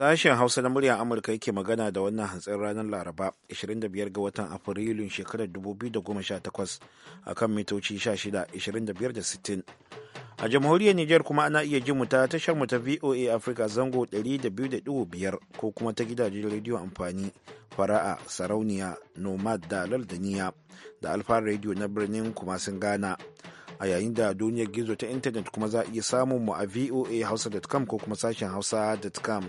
Sashen Hausa na muryar Amurka yake magana da wannan hantsin ranar Laraba 25 ga watan Afrilun shekarar 2018 a kan mitoci 16, 25 A jamhuriyar Nijar kuma ana iya jin ta tashar mu ta VOA Africa zango 200.5 ko kuma ta gidajen rediyo amfani fara'a sarauniya nomad da lardaniya da alfa rediyo na birnin kuma sun gana. a yayin da duniyar gizo ta intanet kuma za a iya samun mu a voa hausa.com ko kuma sashen hausa.com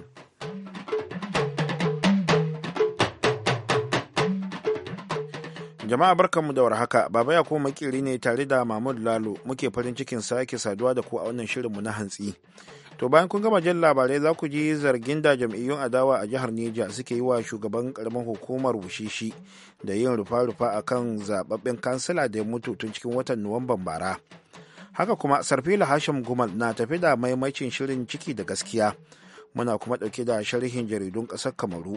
jama'a barkanmu da warhaka baba ya kuma makiri ne tare da mahmud lalo muke farin cikin sake saduwa da ku a wannan shirin mu na hantsi to bayan kun gama jin labarai za ku ji zargin da jam'iyyun adawa a jihar neja suke yi wa shugaban karamin hukumar wushishi da yin rufa-rufa a kan zababben kansila da ya mutu tun cikin watan nuwamban bara haka kuma sarfila hashim gumal na tafi da maimacin shirin ciki da gaskiya muna kuma ɗauke da sharhin jaridun ƙasar kamaru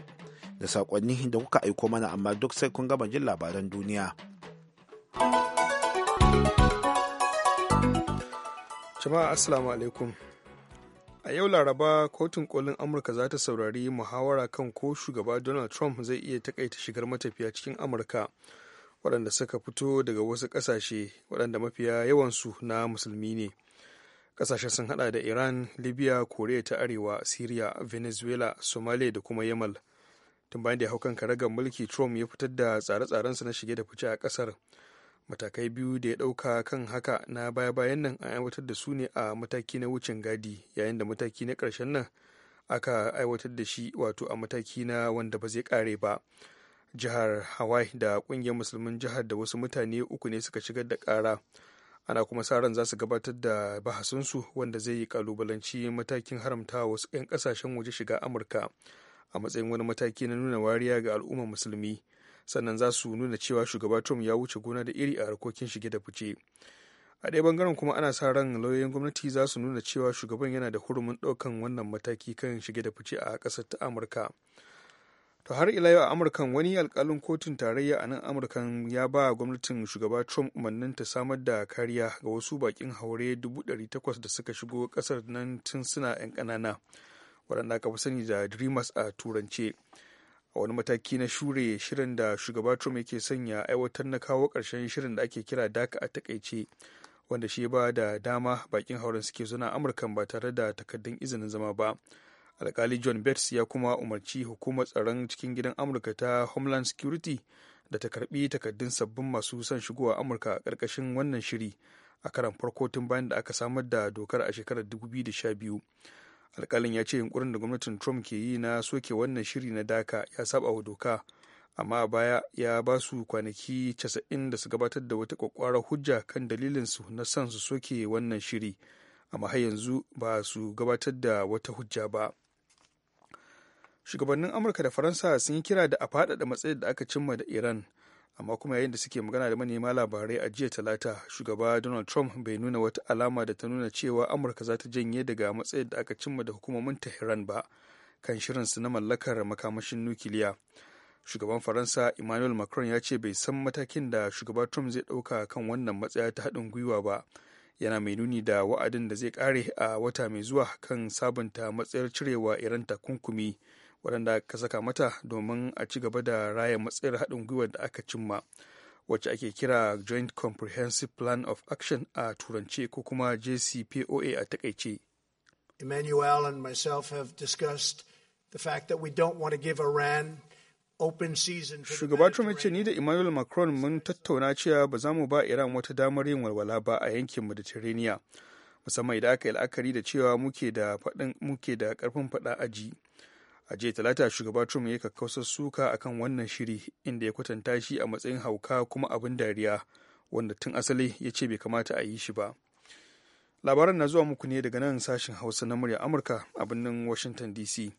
da sakonni da kuka aiko mana amma duk sai kun gama jin labaran duniya jama'a assalamu alaikum a yau laraba kotun kolin amurka za ta saurari muhawara kan ko shugaba donald trump zai iya takaita shigar matafiya cikin amurka waɗanda suka fito daga wasu ƙasashe waɗanda mafiya yawansu na musulmi ne ƙasashe sun hada da iran libya korea ta arewa syria venezuela somalia da kuma yamal tun bayan da ya hau kan karagar mulki trump ya fitar da tsare-tsarensa na shige da fice a ƙasar matakai biyu da ya ɗauka kan haka na baya-bayan nan an aiwatar da su ne a mataki na wucin gadi yayin da mataki na karshen nan aka aiwatar da shi wato a mataki na wanda ba zai kare ba jihar hawaii da ƙungiyar musulmin jihar da wasu mutane uku ne suka shigar da ƙara ana kuma sa ran za su gabatar da bahasinsu wanda zai yi kalubalanci matakin haramta wasu 'yan kasashen waje shiga amurka a matsayin wani mataki na nuna wariya ga al'ummar musulmi sannan za su nuna cewa shugaba trump ya wuce gona da iri a harkokin shige da fice a ɗaya bangaren kuma ana sa ran lauyoyin gwamnati za su nuna cewa shugaban yana da hurumin ɗaukan wannan mataki kan shige da fice a ƙasar ta amurka to har ila yau a amurkan wani alkalin kotun tarayya a nan amurkan ya ba gwamnatin shugaba trump umarnin ta samar da kariya ga wasu bakin haure 800 da suka shigo kasar nan tun suna 'yan ƙanana waɗanda aka fi sani da dreamers a turance a wani mataki na shure shirin da shugaba trump yake sanya aiwatar na kawo ƙarshen shirin da ake kira daka a takaice wanda shi ba da dama bakin hauren suke zuna amurka ba tare da takaddun izinin zama ba alkali john bates ya kuma umarci hukumar tsaron cikin gidan amurka ta homeland security da ta karbi takaddun sabbin masu son shigowa amurka a ƙarƙashin wannan shiri a karan farko tun bayan da aka samar da dokar a shekarar 2012 alkalin ya ce yunkurin da gwamnatin trump ke yi na soke wannan shiri na daka ya saba wa doka amma a baya ya ba su kwanaki 90 da su gabatar da wata kwakwarar hujja kan dalilinsu na son su soke wannan shiri amma har yanzu ba su gabatar da wata hujja ba shugabannin amurka da faransa sun yi kira da a faɗaɗa matsayin da aka cimma da iran amma kuma yayin da suke magana da manema labarai a jiya talata shugaba donald trump bai nuna wata alama da ta nuna cewa amurka za ta janye daga matsayin da aka cimma da hukumomin tehran ba kan shirinsu na mallakar makamashin nukiliya shugaban faransa emmanuel macron ya ce bai san matakin da shugaba trump zai ɗauka kan wannan matsaya ta haɗin gwiwa ba yana mai nuni da wa'adin da zai kare a wata mai zuwa kan sabunta matsayar cirewa iran takunkumi waɗanda aka saka mata domin a ci gaba da raya matsayar haɗin gwiwar da aka cimma wacce ake kira joint comprehensive plan of action a turance ko kuma jcpoa a takaice emmanuel and myself have discussed the fact that we don't want to give iran Shugaba Trump ce ni da Emmanuel Macron mun tattauna cewa ba za mu ba Iran wata damar yin walwala ba a yankin Mediterranean musamman idan aka yi la'akari da cewa muke da karfin da karfin faɗa aji a jiya talata shugaba trump ya kakkausar suka akan wannan shiri inda ya kwatanta shi a matsayin hauka kuma abin dariya wanda tun asali ya ce bai kamata a yi shi ba labaran na zuwa muku ne daga nan sashen hausa na murya amurka a birnin washington dc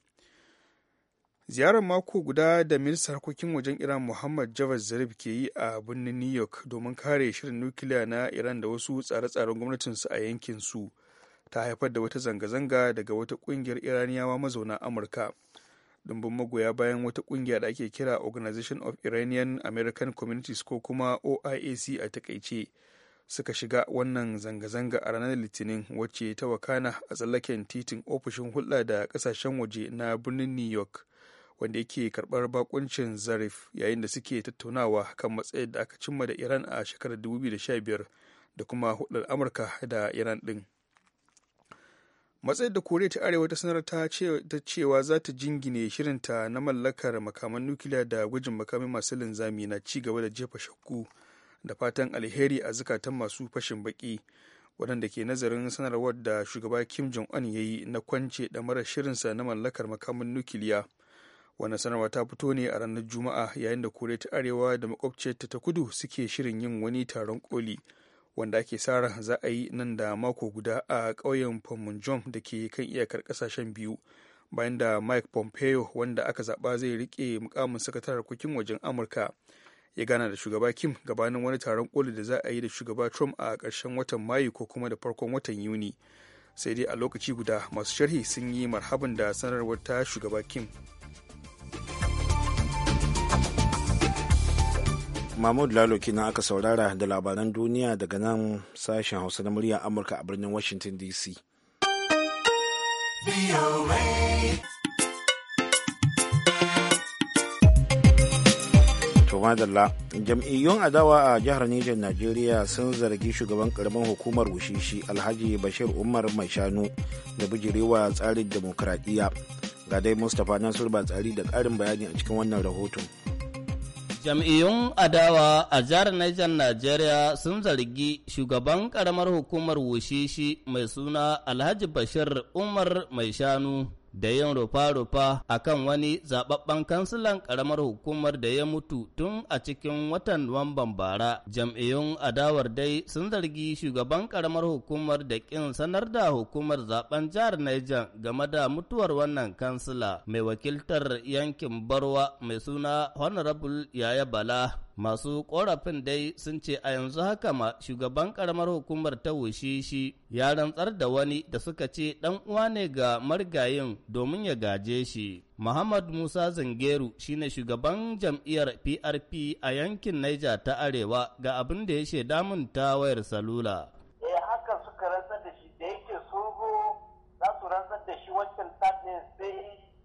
ziyarar mako guda da ministan harkokin wajen iran muhammad javad zarif ke yi a birnin new york domin kare shirin nukiliya na iran da wasu tsare-tsaren gwamnatinsu a yankinsu ta haifar da wata zanga-zanga daga wata kungiyar iraniyawa mazauna amurka Dumbin magoya bayan wata kungiya da ake kira Organization of Iranian American Communities ko kuma OIAC a takaice suka shiga wannan zanga-zanga a ranar Litinin wacce ta wakana a tsallaken titin ofishin hulɗa da ƙasashen waje na birnin New York wanda yake karɓar bakuncin Zarif yayin da suke tattaunawa kan matsayin da aka cimma da Iran a shekarar 2015 da kuma hulɗar Amurka da Iran ɗin. matsayar da koriya ta arewa ta sanar ta cewa za ta jingine shirinta na mallakar makaman nukiliya da gwajin makamai masu linzami na ci gaba da jefa shakku da fatan alheri a zukatan masu fashin baki waɗanda ke nazarin sanarwar da shugaba kim jong un ya yi na kwance da mara shirinsa na mallakar makamin nukiliya wannan sanarwa ta fito ne a ranar juma'a yayin da koriya ta arewa da makwabciyarta ta kudu suke shirin yin wani taron koli wanda ake sara za a yi nan da mako guda a ƙauyen Pomunjom da ke kan iyakar ƙasashen biyu bayan da Mike Pompeo wanda aka zaɓa zai riƙe mukamin sakatar harkokin wajen Amurka ya gana da shugaba Kim gabanin wani taron koli da za a yi da shugaba Trump a ƙarshen watan Mayu ko kuma da farkon watan Yuni. Sai dai a lokaci guda masu sharhi sun yi marhaban da sanarwar ta shugaba Kim. mahmud lalo kenan aka saurara da labaran duniya daga nan sashen hausa na muryar amurka a birnin washington dc madalla jam'iyyun adawa a jihar Nijar Najeriya sun zargi shugaban karamin hukumar wushishi Alhaji Bashir Umar Mai Shanu da bijirewa tsarin demokradiyya. Ga dai Mustapha Nasiru ba tsari da ƙarin bayani a cikin wannan rahoton. Jam'iyyun adawa a jihar Niger Najeriya sun zargi shugaban karamar hukumar Wushishi mai suna Alhaji Bashir Umar Mai Shanu da yin rufa-rufa a kan wani zababben kansilan karamar hukumar da ya mutu tun a cikin watan Nuwamban bara. Jam'iyyun adawar dai sun zargi shugaban karamar hukumar da kin sanar da hukumar zaben jihar Niger game da mutuwar wannan kansila mai wakiltar yankin Barwa mai suna Honorable Yaya Bala masu korafin dai sun ce a yanzu haka ma shugaban karamar hukumar ta wushe shi ya rantsar da wani da suka ce dan uwa ne ga marigayin domin ya gaje shi Muhammad Musa Zangeru shine shugaban jam'iyyar PRP a yankin Niger ta Arewa ga abin da ya shaida mun ta wayar salula. Eh haka suka rantsar da shi da yake sogo za su rantsar da shi wancan sai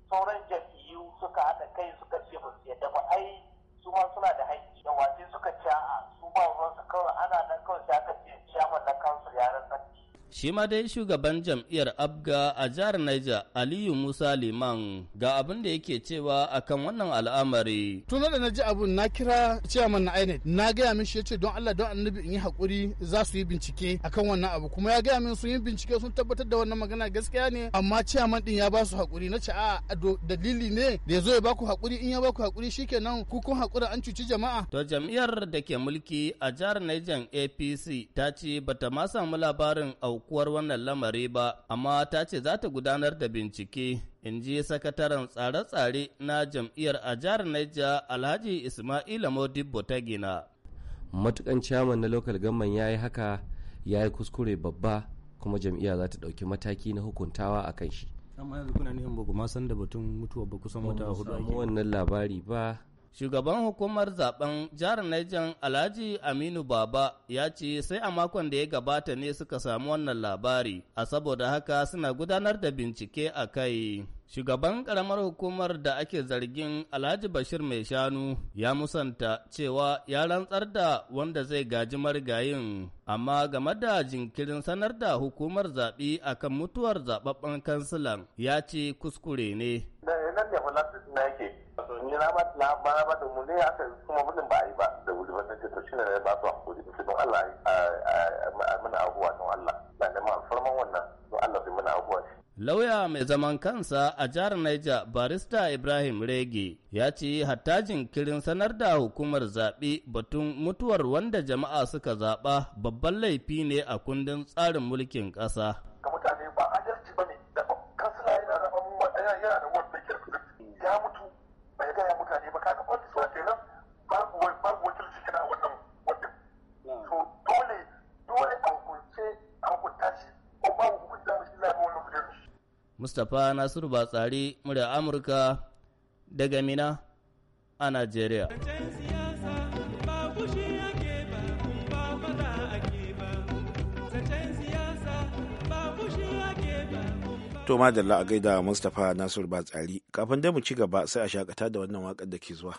sauran jam'iyyu suka haɗa kai suka ce ba su yadda ba ai su ma suna da haƙƙi. da wace suka ci a su ba su kawai ana nan kawai sai aka ce ciyaman na kansu yaran sarki. Shi ma dai shugaban jam'iyyar Abga a jihar naija Aliyu Musa Liman ga abin da yake cewa akan wannan al'amari. Tun da na ji abu na kira ciyaman na INEC na gaya min shi ya ce don Allah don annabi in yi hakuri za su yi bincike akan wannan abu kuma ya gaya min sun yi bincike sun tabbatar da wannan magana gaskiya ne amma ciyaman din ya ba su hakuri na ce a dalili ne da ya zo ya ba ku hakuri in ya ba ku hakuri shikenan ku kun hakura an cuci jama'a. To jam'iyyar da ke mulki a jihar Naija APC ta ce bata ma samu labarin au aukuwar wannan lamari ba, amma ta ce za ta gudanar da bincike, in ji sakataren tsare-tsare na jam'iyyar a jihar Naija Alhaji Ismaila Modibbo ta gina. Matukan ciyaman na lokal gamman ya yi haka ya yi kuskure babba kuma jam'iyya za ta ɗauki mataki na hukuntawa a kan shi. Amma yanzu kuna neman ba san da batun mutuwa ba kusan wata hudu ake. wannan labari ba Shugaban hukumar zaben jihar Niger Alhaji Aminu Baba ya ce sai a makon da ya gabata ne suka samu wannan labari, a saboda haka suna gudanar da bincike a kai. Shugaban ƙaramar hukumar da ake zargin Alhaji Bashir Mai Shanu ya musanta cewa ya rantsar da wanda zai gaji marigayin, amma game da jinkirin sanar da hukumar zaɓi akan mutuwar zaɓaɓɓen kansilan ya ce kuskure ne. nan ne falastin suna yake ni na ba na ba ba da mu ne aka kuma mutum ba a yi ba da wuri ba sai to shine ne ba su hakuri sai don Allah a muna abuwa don Allah na neman alfarman wannan don Allah sai muna abuwa Lauya mai zaman kansa a jihar Niger barista Ibrahim Rege ya ce hatta jinkirin sanar da hukumar zaɓe batun mutuwar wanda jama'a suka zaɓa babban laifi ne a kundin tsarin mulkin ƙasa. Mustapha Nasiru Batsari murya Amurka daga Mina a Najeriya. To madalla a gaida Mustapha Nasiru Batsari kafin da mu ci gaba sai a shakata da wannan waƙar da ke zuwa.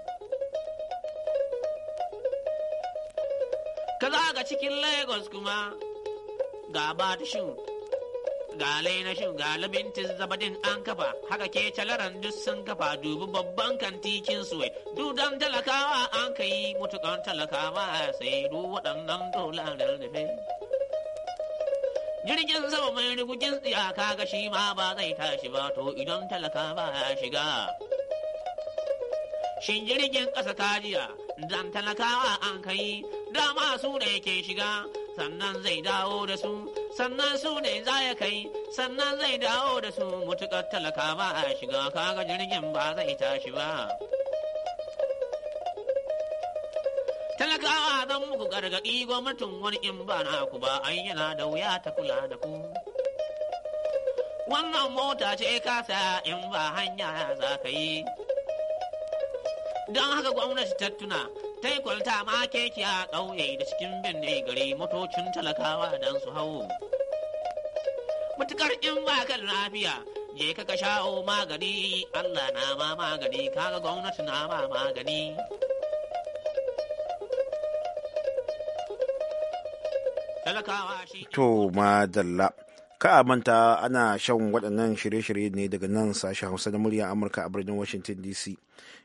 Za ga cikin Lagos kuma ga batishin ga lainashin ga labintin zabadin an kafa haka ke calaran duk sun kafa dubi babban kantikin suwai dudan talakawa an ka yi mutukan talakawa sai du waɗannan dolarar da jirgin sama mai rigugin tsiyaka ga shi ma ba zai tashi ba to idan talakawa ya shiga Shin jirgin ƙasa ta jiya, dan talakawa an kai, dama su ne ke shiga, sannan zai dawo da su, sannan su ne za ya kai, sannan zai dawo da su mutuƙar talaka ba a shiga, kaga jirgin ba zai tashi ba. Talakawa zan muku gargaɗi gwamnatin wani in ba na ku ba, an yana da wuya ta kula da ku. Wannan mota ce kasa in ba hanya za ka yi. don haka gwamnati ta tuna ta yi kwalta ma keke a ƙauye da cikin binne gari motocin talakawa don su hau matukar in ba kan lafiya je ka ka sha'o magani allah na ma magani kaga gwamnati na ma magani talakawa shi to madalla ka a manta ana shan waɗannan shirye-shirye ne daga nan sashen hausa na muryar amurka a birnin washington dc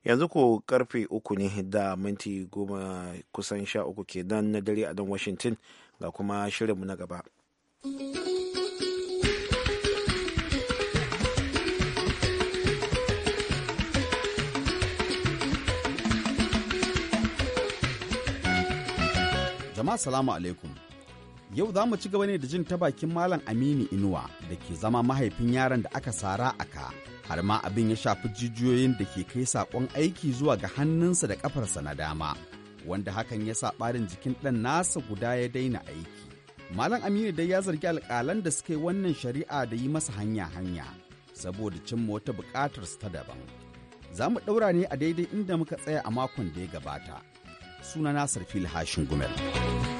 yanzu ko karfe uku ne da minti goma kusan sha uku kenan na dare a don washington ga kuma shirinmu na gaba jama'a salamu alaikum Yau za mu ci gaba ne da jin ta bakin Malam Aminu Inuwa da ke zama mahaifin yaron da aka sara a ka har ma abin ya shafi jijiyoyin da ke kai saƙon aiki zuwa ga hannunsa da ƙafarsa na dama. Wanda hakan ya sa ɓarin jikin ɗan nasa guda ya daina aiki. Malam Aminu dai ya zargi alƙalan da suka yi wannan shari'a da yi masa hanya-hanya saboda cimma wata buƙatar ta daban. Za mu ɗaura ne a daidai inda muka tsaya a makon da ya gabata. Suna Nasir Hashin Gumel.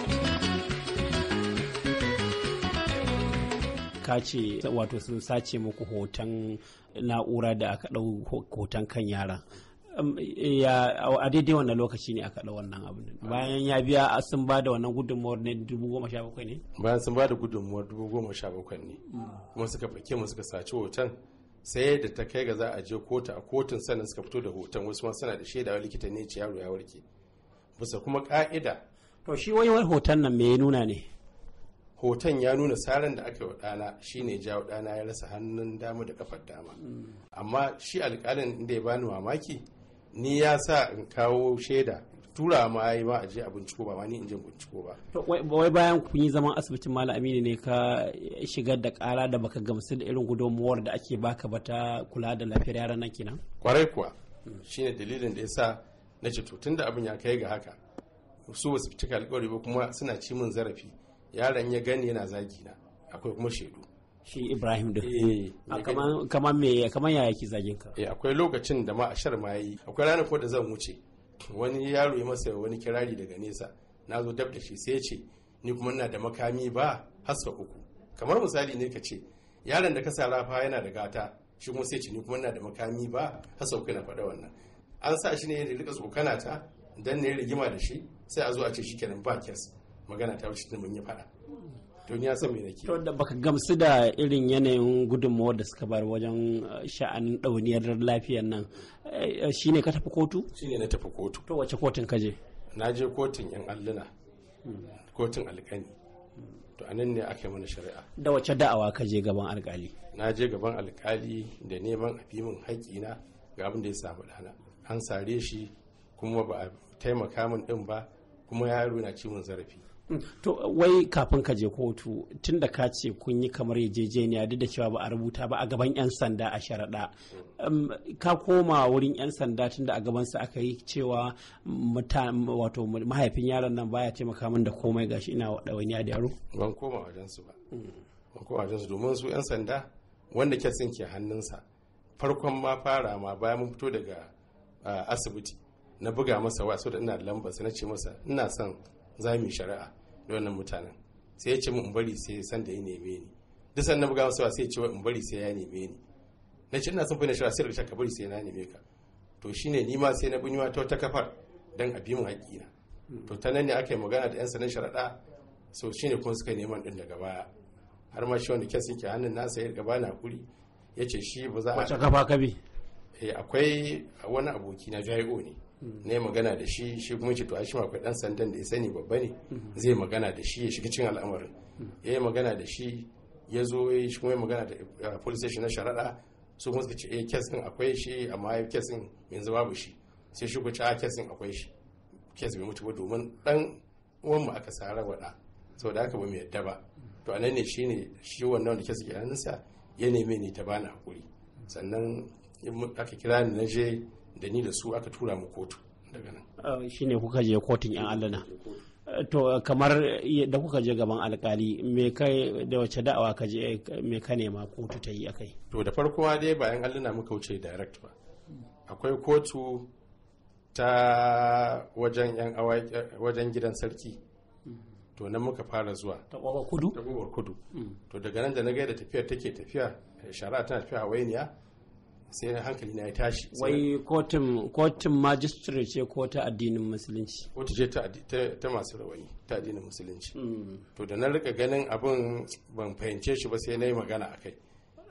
ka ce wato sun sace muku hoton na'ura da aka ɗau hoton kan yara. a daidai wannan lokaci ne aka ɗau wannan abu bayan ya biya sun ba da wannan gudunmuwar ne dubu goma sha bakwai ne bayan sun ba da gudunmuwar dubu goma sha bakwai ne kuma suka fake mu suka saci hoton sai da ta kai ga za a je kota a kotun sannan suka fito da hoton wasu ma suna da shaidawa likita ne ce yaro ya warke bisa kuma ka'ida to shi wani hoton nan me ya nuna ne hoton ya nuna saran da aka yi wa ɗana shine jawo ɗana ya rasa hannun dama da kafar dama amma shi alƙalin da ya bani mamaki ni ya sa in kawo shaida tura ma yi ma aje a binciko ba ma ni in je binciko ba wai bayan kun yi zaman asibitin malam aminu ne ka shigar da ƙara da baka gamsu da irin gudunmuwar da ake baka ba ta kula da lafiyar yaran nan kenan kwarai kuwa shine dalilin da ya sa na ce to da abin ya kai ga haka su ba su cika alƙawari ba kuma suna ci min zarafi yaron ya gani yana zagi na akwai kuma shaidu shi ibrahim da eh, kamar me kamar yaya ki zagin ka eh, akwai lokacin da ma a shar ma yi akwai ranar ko da zan wuce wani yaro ya masa wani kirari daga nesa na zo dab da shi sai ce ni kuma ina da makami ba haska uku kamar misali ne ka ce yaron da ka sa rafa yana da gata shi kuma sai ce ni kuma ina da makami ba haska uku na faɗa wannan an sa shi ne ya rika tsokana ta dan ne rigima da shi sai a zo a ce shi kenan ba kes magana ta wuce da mun yi faɗa to ni ya san me nake to da baka gamsu da irin yanayin gudunmawar da suka bar wajen eh, sha'anin dauniyar lafiyar nan eh, shine ka tafi kotu shine na tafi kotu to wace kotun ka je na je kotun yan alluna hmm. kotun alƙani to a nan ne aka yi mana shari'a da wace da'awa ka je gaban alƙali na je gaban alƙali da neman a fi min haƙƙina ga abin da ya samu ɗana an sare shi kuma ba a taimaka min ɗin ba kuma yaro na ciwon zarafi Mm. to wai kafin ka je kotu tun da ka ce kun yi kamar yarjejeniya duk da cewa ba a rubuta ba a gaban 'yan sanda a sharaɗa um, ka koma wurin 'yan sanda tun da a gabansa aka yi cewa wato mahaifin yaron nan baya taimaka min da komai gashi ina wani da yaro ban koma wajen su ba ban koma wajen su domin su 'yan sanda wanda ke ke hannunsa farkon ma fara ma bayan mun fito daga ah, asibiti na buga masa wa da ina da sai na ce masa ina son za mu yi shari'a da wannan mutanen sai ya ce mu in bari sai san da ya neme ni duk na buga wasu sai ya ce in bari sai ya neme ni na ce ina son fina shari'a sai da ka bari sai na neme ka to shine ni ma sai na bunyiwa ta wata kafar dan a bi mu haƙƙina to ta nan ne aka yi magana da 'yan sanin sharaɗa so shine kuma suka neman ɗin daga baya har ma shi wanda kesin ke hannun nasa ya gaba na kuri ya ce shi ba za a wace gaba kabi eh, akwai wani aboki na jai'o ne ne magana da shi shi kuma ce to a shi akwai dan sandan da ya sani babba ne zai magana da shi ya shiga cikin al'amarin ya yi magana da shi ya zo ya shi kuma ya magana da police station na sharaɗa su kuma suka ce eh din akwai shi amma ya din yanzu babu shi sai shi kuma case din ah, akwai shi kes bai mutu ba domin dan uwan mu aka sara wada saboda haka ba mu yadda ba to anan ne shine shi wannan wanda kes ke hannunsa ya neme ni ta bani hakuri sannan aka kira ni na je da ni da su aka tura mu kotu daga nan ah, ne kuka je kotun yan allana to kamar da kuka je gaban alkali me kai da wace da'awa ka je me ka nema kotu ta yi akai to da farko dai bayan allana muka wuce direct ba akwai kotu ta wajen yan wajen gidan sarki to nan muka fara zuwa ta kudu ta kudu to daga nan da na ga da tafiya take tafiya Shara tana tafiya wainiya. sai na hankali na ya tashi wai kotun kotun ce ko ta addinin musulunci kotu ce ta masu rawani ta addinin musulunci hmm. to da na rika ganin abin ban fahimce shi ba sai na yi magana a Shi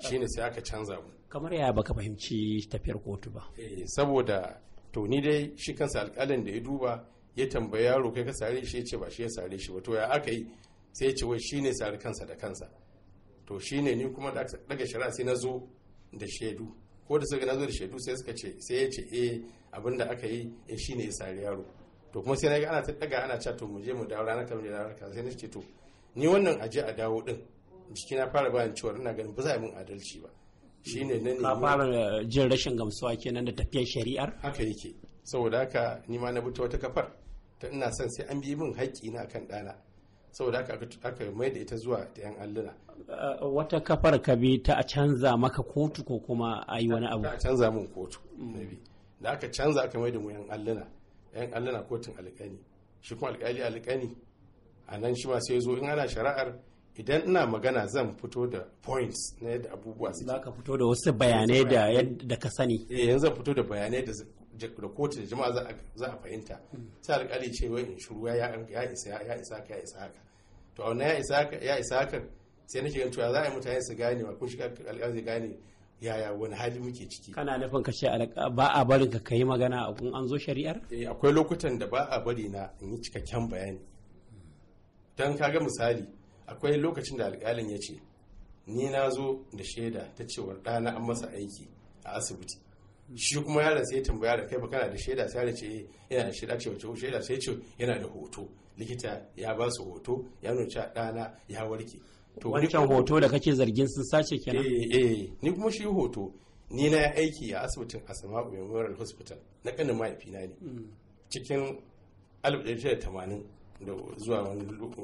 shine sai aka canza mu kamar ya baka fahimci tafiyar kotu ba eh, saboda to ni dai shi kansa alƙalin da ya duba ya tambaya yaro kai ka sare shi ya ce ba shi ya sare shi ba to ya aka yi sai ya ce wai shine sare kansa da kansa to shine ni kuma daga shari'a sai na zo da shaidu ko da suka nazo da shaidu sai suka ce sai ya ce eh abinda aka yi eh shine ya sari yaro to kuma sai ga ana ta daga ana cewa to mu je mu dawo ranar mu dawo ka sai na ce to ni wannan aje a dawo din jiki na fara bayan cewa ina ganin ba za a yi min adalci ba shine nan ne ka fara eh, jin rashin gamsuwa kenan da tafiyar shari'ar haka yake saboda haka ni ma na bi ta wata kafar ta ina son sai an bi min haƙƙi na akan ɗana saboda aka mai da ita zuwa da yan alluna uh, wata kafar ka bi ta a canza maka kotu ko kuma a yi wani abu ta canza mun kotu mm. da aka canza aka mai da mu yan alluna yan alluna kotun alkani shi kuma alƙali alƙani a nan shi ma sai zo in ana shari'ar idan ina magana zan fito da points na yadda abubuwa su za ka fito da wasu bayanai da yadda ka sani eh yanzu zan fito da bayanai da da kotu da jama'a za a fahimta mm. sai alƙali ce wai in shiru ya isa ya isa ka ya isa haka to a wannan ya isa haka sai nake ganin cewa za a yi mutane su gane wa kun shiga alƙawar zai gane yaya wani hali muke ciki kana nufin ka ce ba a barin ka yi magana a kun an zo shari'ar eh, akwai lokutan da ba a bari na in yi cikakken bayani don kaga misali akwai lokacin da alƙalin ya ce ni na zo da shaida ta cewar ɗana an masa aiki a asibiti shi kuma yaron sai tambaya da kai ba kana da shaida sai ce yana eh, da shaida ce wace shaida sai ce yana da hoto likita ya ba su hoto ya nuna dana ɗana ya warke to wancan hoto da kake zargin sun sace kenan eh eh ni kuma shi hoto ni na aiki a asibitin Asma'u Memorial Hospital na kanin na ne hmm. cikin 1980 da zuwa wani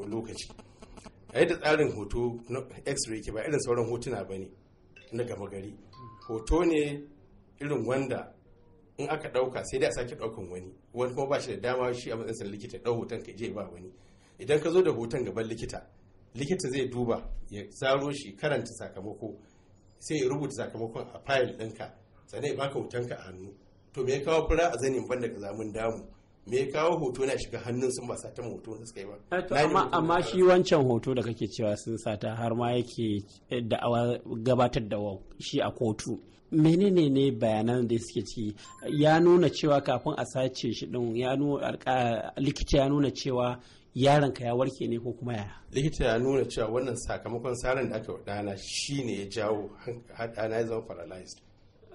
lokaci a yadda tsarin hoto na x-ray ke ba irin sauran hotuna ba ne na gama gari hmm. hoto ne irin wanda in aka ɗauka sai dai a sake ɗaukan wani wani kuma ba shi da dama shi a matsayin likita ɗau hoton ka je ba wani idan ka zo da hoton gaban likita likita zai duba ya tsaro shi karanta sakamako sai ya rubuta sakamakon a fayil ɗinka sannan ya baka hotonka a hannu to me ya kawo fura a zanin banda ka zamun damu me ya kawo hoto na shiga hannun sun ba sata hoto da suka yi ba eh, amma shi wancan hoto da kake cewa sun sata har ma yake eh, da'awa gabatar da shi a kotu menene ne bayanan da suke ci ya nuna cewa kafin a sace shi din ya nuna likita ya nuna cewa ka ya warke ne ko kuma ya likita ya nuna cewa wannan sakamakon sarin da aka wadana shine ya jawo na ya zama paralyzed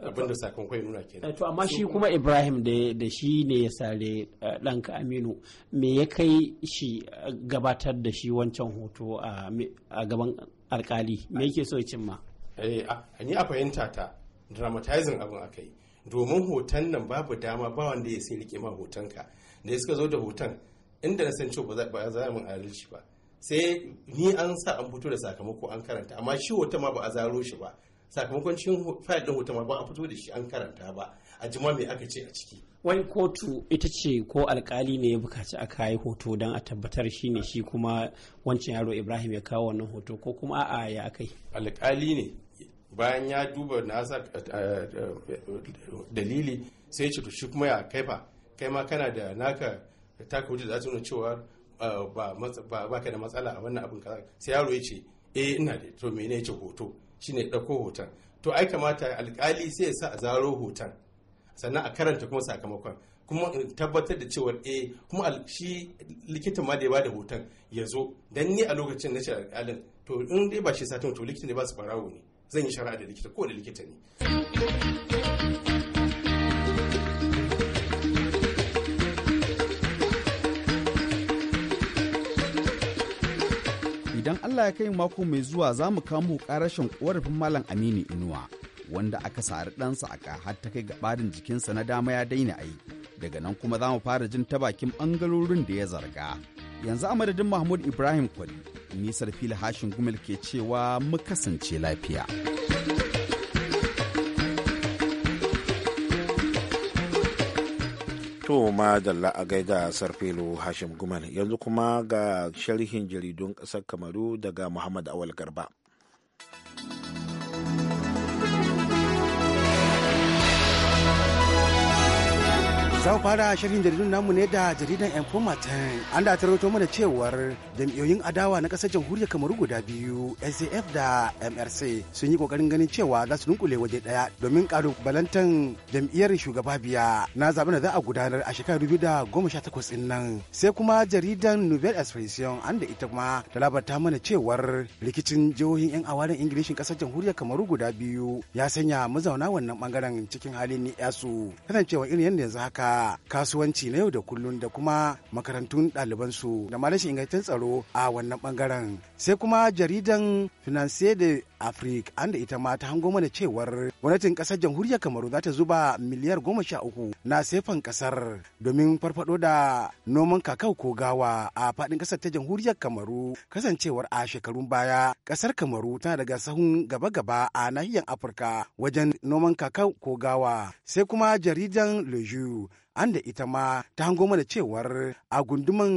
abinda sakonkwai nuna ke eh, to amma shi kuma ibrahim da shi ne ya sare eh, ɗanka aminu me ya kai shi eh, gabatar da shi wancan hoto a gaban alkali me yake so cimma ni a fahimta ta dramatizing abin aka yi domin hoton nan babu dama ba wanda ya sai rike ma hotonka da suka zo da hoton inda na san cewa ba za mu adalci ba sai ni an sa an fito da sakamako an karanta amma shi hoton ma ba a zaro shi ba sakamakon cikin fayil ɗin hoton ba a fito da shi an karanta ba a jima mai aka ce a ciki wai kotu ita ce ko alkali ne ya bukaci aka yi hoto don a tabbatar shi ne shi kuma wancan yaro ibrahim ya kawo wannan hoto ko kuma a'a ya aka yi alkali ne bayan ya duba nasa eh, eh, dalili sai ce shi kuma ya kai fa kai ma kana da naka taka hujja za su nuna cewa eh, ba ka da matsala a wannan abin kaza sai yaro ya ce eh ina da to mene ya ce hoto ne ɗauko hoton to ai kamata alkali sai ya sa a zaro hoton sannan a karanta kuma sakamakon kuma tabbatar da cewa eh kuma shi likitan ma da ya bada hoton ya zo dan ni a lokacin na shi alƙalin to in dai ba shi satin to likitan ne ba su barawo ne zan yi shari'a da likita ko da likita ne Allah ya kai mako mai zuwa za mu kamo karashin korafin Malam Aminu Inuwa wanda aka sari ɗansa a har ta kai gabarin jikinsa na dama ya daina ai Daga nan kuma za mu fara jin ta bakin ɓangarorin da ya zarga. Yanzu a madadin Mahmud Ibrahim Kwali, nisar fili hashin gumel ke cewa mu kasance lafiya. To madalla a gaida sarfilo Hashim Guman yanzu kuma ga sharhin jaridun ƙasar Kamaru daga Muhammad Awal Garba. Za mu fara shirin jaridun namu ne da jaridan Informatin. An da tarwato mana cewar jam'iyyoyin adawa na kasar jamhuriyar Kamaru guda biyu, SAF da MRC sun yi kokarin ganin cewa za su dunkule waje daya domin balantan jam'iyyar shugaba biya na zaɓen da za a gudanar a shekarar dubu da goma sha takwas ɗin nan. Sai kuma jaridan Nouvelle Expression an da ita kuma ta labarta mana cewar rikicin jihohin 'yan awarin Ingilishin kasar jamhuriyar Kamaru guda biyu ya sanya mazauna wannan bangaren cikin halin ni'yasu. Kasancewa irin yadda yanzu haka kasuwanci na yau da kullun da kuma makarantun ɗalibansu da malashin ingantaccen tsaro a wannan bangaren sai kuma jaridan finance de afrique an da ita ma ta hango mana cewar gwamnatin kasar jamhuriyar kamaru za ta zuba miliyar goma sha uku na sefan kasar domin farfado da noman kakau ko gawa a faɗin kasar ta jamhuriyar kamaru kasancewar a shekarun baya Ƙasar kamaru tana daga sahun gaba-gaba a nahiyar afirka wajen noman kakau ko gawa sai kuma jaridan leju an da ita ma ta hango mana cewar a gunduman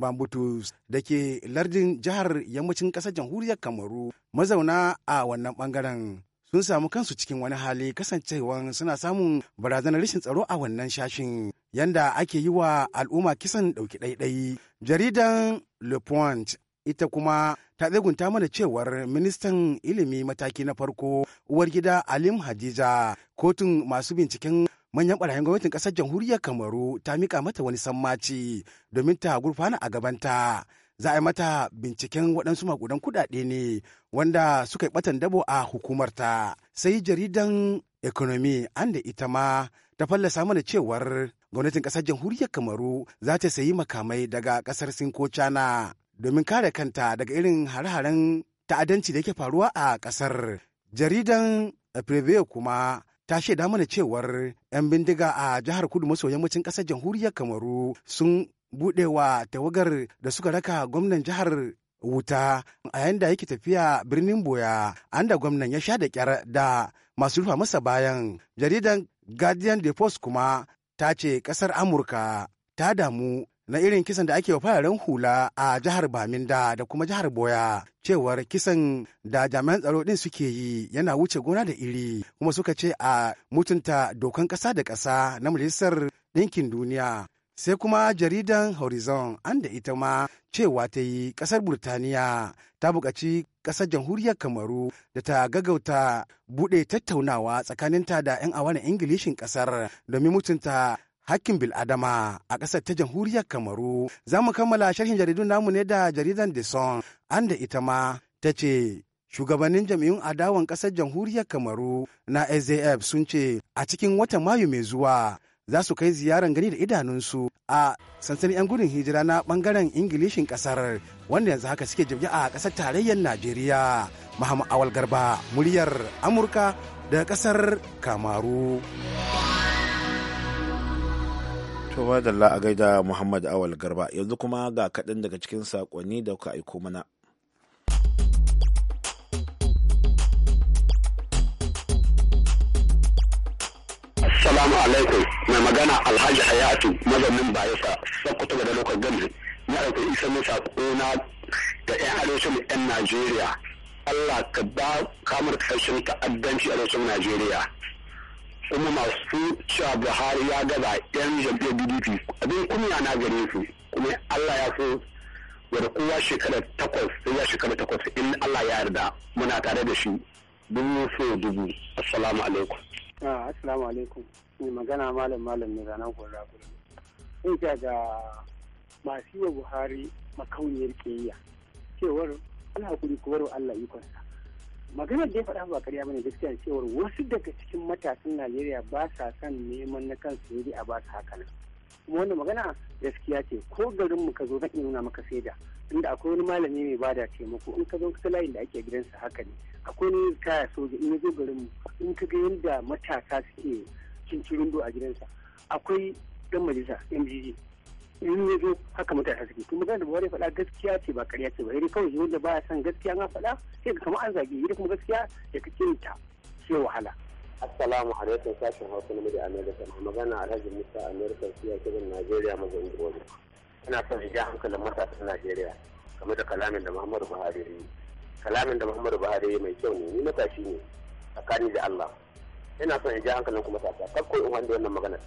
bambutus da ke lardin jihar yammacin ƙasar jamhuriyar kamaru mazauna a wannan bangaren sun samu kansu cikin wani hali kasancewan suna samun barazanar rashin tsaro a wannan shashin yanda ake yi wa al'umma kisan ɗauki ɗaiɗai jaridan le point ita kuma ta tsegunta mana cewar ministan ilimi mataki na farko uwar gida alim hadiza kotun masu binciken manyan barayin gwamnatin kasar jamhuriyar kamaru ta mika mata wani sammaci domin ta gurfana a gabanta za a yi mata binciken waɗansu makudan kuɗaɗe ne wanda suka yi ɓatan dabo a hukumarta sai jaridan economy an da ita ma ta fallasa mana cewar gwamnatin kasar jamhuriyar kamaru za ta sayi makamai daga kasar sinko domin kare kanta daga irin hare-haren ta'addanci da yake faruwa a kasar jaridan preveo kuma ta shaida mana cewar 'yan bindiga a jihar kudu maso yammacin ƙasar jamhuriyar kamaru sun wa tawagar da suka raka gwamnan jihar wuta a yayin da yake tafiya birnin boya an da gwamnan ya sha da kyar da masu rufa masa bayan jaridan guardian de post kuma ta ce ƙasar amurka ta damu na irin kisan da ake wa fararen hula a jihar Baminda da kuma jihar Boya cewar kisan da jami'an tsaro din suke yi yana wuce gona da iri kuma suka ce a mutunta dokan ƙasa da ƙasa na majalisar ɗinkin duniya sai kuma jaridan horizon an da ita ma cewa ta yi ƙasar burtaniya ta buƙaci ƙasar jamhuriyar kamaru da ta gaggauta buɗe tattaunawa tsakaninta da 'yan awanin ingilishin ƙasar domin mutunta hakkin bil'adama a ƙasar ta jamhuriyar kamaru za mu kammala sharhin jaridun namu ne da jaridan de son an da ita ma ta ce shugabannin jam'iyyun adawan ƙasar jamhuriyar kamaru na sjf sun ce a cikin watan mayu mai zuwa za su kai ziyaran gani da idanunsu a sansanin 'yan gudun hijira na bangaren ingilishin kasar wanda yanzu haka suke jirgi a ƙasar tarayyar najeriya muhammad awal garba muryar amurka da ƙasar kamaru. To madalla a gaida Muhammad Awal Garba yanzu kuma ga kaɗan daga cikin saƙonni da kuka aiko mana. Assalamu alaikum mai magana Alhaji Hayatu mazaunin Bayelsa Sokoto da lokacin gami na aiko isa mai saƙo na da 'yan arewacin 'yan Najeriya. Allah ka ba kamar ƙarshen ta'addanci arewacin Najeriya. kuma masu cewa buhari ya gaza yan jam'iyyar bdp abin kunya na gare su kuma allah ya so wadda kowa shekara takwas sai ya shekara takwas in allah ya yarda muna tare da shi dubu so dubu assalamu alaikum ah, assalamu alaikum ne magana malam malam ne ranar gora gora sai ga masu yi buhari makauniyar kiyayya cewar ana hakuri kuwar allah ikonsa maganar da ya faɗa ba karya bane gaskiya cewar wasu daga cikin matasan najeriya ba sa son neman na kansu ne a ba su haka nan kuma wannan magana gaskiya ce ko garin mu ka zo zan nuna maka saida inda akwai wani malami mai bada taimako in ka zo ka layin da ake gidansa haka ne akwai wani kaya soja in ya zo garin mu in ka ga yadda matasa suke cincirin a gidansa akwai dan majalisa mgg in ya zo haka mutane suke to magana da buhari faɗa gaskiya ce ba ƙarya ce ba yadda kawai wanda baya son gaskiya na faɗa sai ka kama an zage yadda kuma gaskiya ya ka kinta sai wahala assalamu alaikum sashen hausa na murya amerika na magana alhaji musa amerika siya kiran najeriya mazan gobe ina son in ja hankalin matasan najeriya game da kalamin da muhammadu buhari ya yi kalamin da muhammadu buhari ya mai kyau ne ni matashi ne tsakani da allah ina son in ja hankalin kuma sasa kakko in wanda wannan magana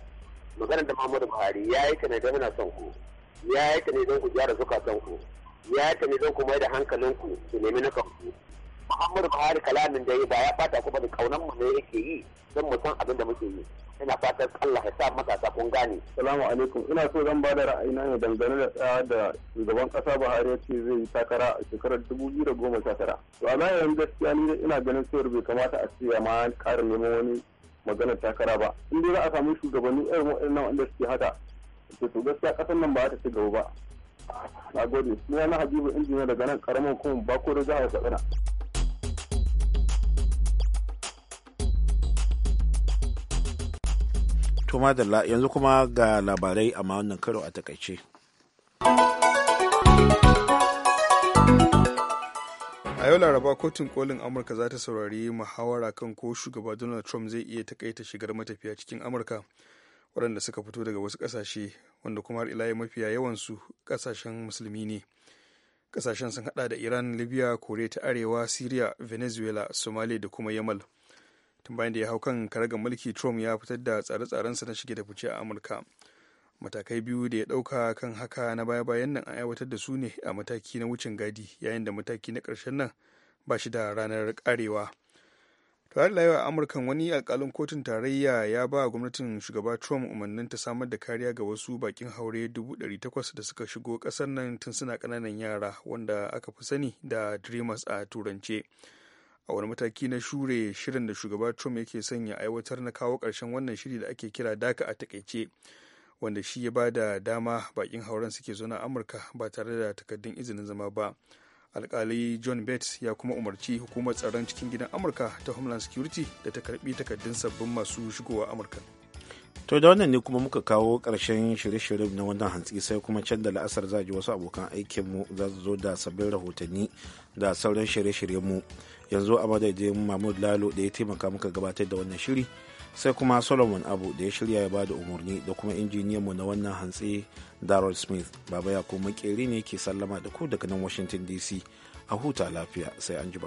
maganar da Muhammadu Buhari ya yi ta ne don son ku ya yi ta ne don ku gyara zukatan ku ya yi ta ne don ku mai da hankalin ku ku nemi na kanku Muhammadu Buhari kalamin da ya ba ya fata kuma da kaunan mu ne yake yi don mu san abin da muke yi ina fatan Allah ya sa matasa kun gane salamu alaikum ina so zan ba da ra'ayina ne dangane da tsaya da shugaban kasa Buhari ya ce zai yi takara a shekarar 2019 to a yanzu gaskiya ni ina ganin sai bai kamata a ce ya ma ƙara neman wani maganar takara ba in dai za a samu shugabanni irin waɗannan wanda suke haka da to gaskiya ƙasar nan ba ta ci gaba ba na gode ni na habibu injiniya daga nan karamar kuma bako da jihar katsina to madalla yanzu kuma ga labarai amma wannan karo a takaice. yau laraba kotun kolin amurka za ta saurari muhawara kan ko shugaba donald trump zai iya takaita shigar matafiya cikin amurka waɗanda suka fito daga wasu ƙasashe wanda kuma har ila mafiya yawansu ƙasashen musulmi ne ƙasashen sun hada da iran libya kore ta arewa syria venezuela somalia da kuma yamal tun bayan da ya hau kan karagar mulki trump ya fitar da tsare-tsarensa na shige da fice a amurka matakai biyu da ya ɗauka kan haka na baya-bayan nan an aiwatar da su ne a mataki na wucin gadi yayin da mataki na karshen nan ba shi da ranar ƙarewa tare da yawa amurkan wani alkalin kotun tarayya ya ba gwamnatin shugaba trump umarnin ta samar da kariya ga wasu bakin haure 800 da suka shigo ƙasar nan tun suna ƙananan yara wanda aka fi sani da dreamers a turance a wani mataki na shure shirin da shugaba trump yake sanya aiwatar na kawo ƙarshen wannan shiri da ake kira daka a takaice wanda shi ya ba da dama bakin hauren suke na amurka ba tare da takardun izinin zama ba alkali john bates ya kuma umarci hukumar tsaron cikin gidan amurka ta homeland security da ta karbi takardun sabbin masu shigowa amurka to da wannan ne kuma muka kawo karshen shirye shirye na wannan hantsi sai kuma can da la'asar za ji wasu abokan aikinmu za su zo da sabbin rahotanni da sauran shirye shiryen mu yanzu a madadin mahmud lalo da ya taimaka muka gabatar da wannan shiri sai kuma solomon abu da ya shirya ya bada umarni da kuma mu na wannan hantsi darrell smith baba ya kuma ne ke sallama da ku daga nan washington dc a huta lafiya sai an ji